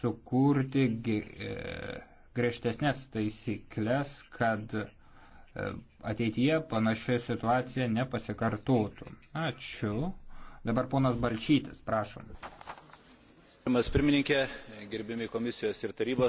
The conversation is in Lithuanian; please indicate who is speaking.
Speaker 1: sukurti e, griežtesnės taisyklės, kad e, ateityje panašioje situacija nepasikartotų. Ačiū. Dabar ponas Balčytis, prašom.
Speaker 2: Pirmininkė, gerbimi komisijos ir tarybos.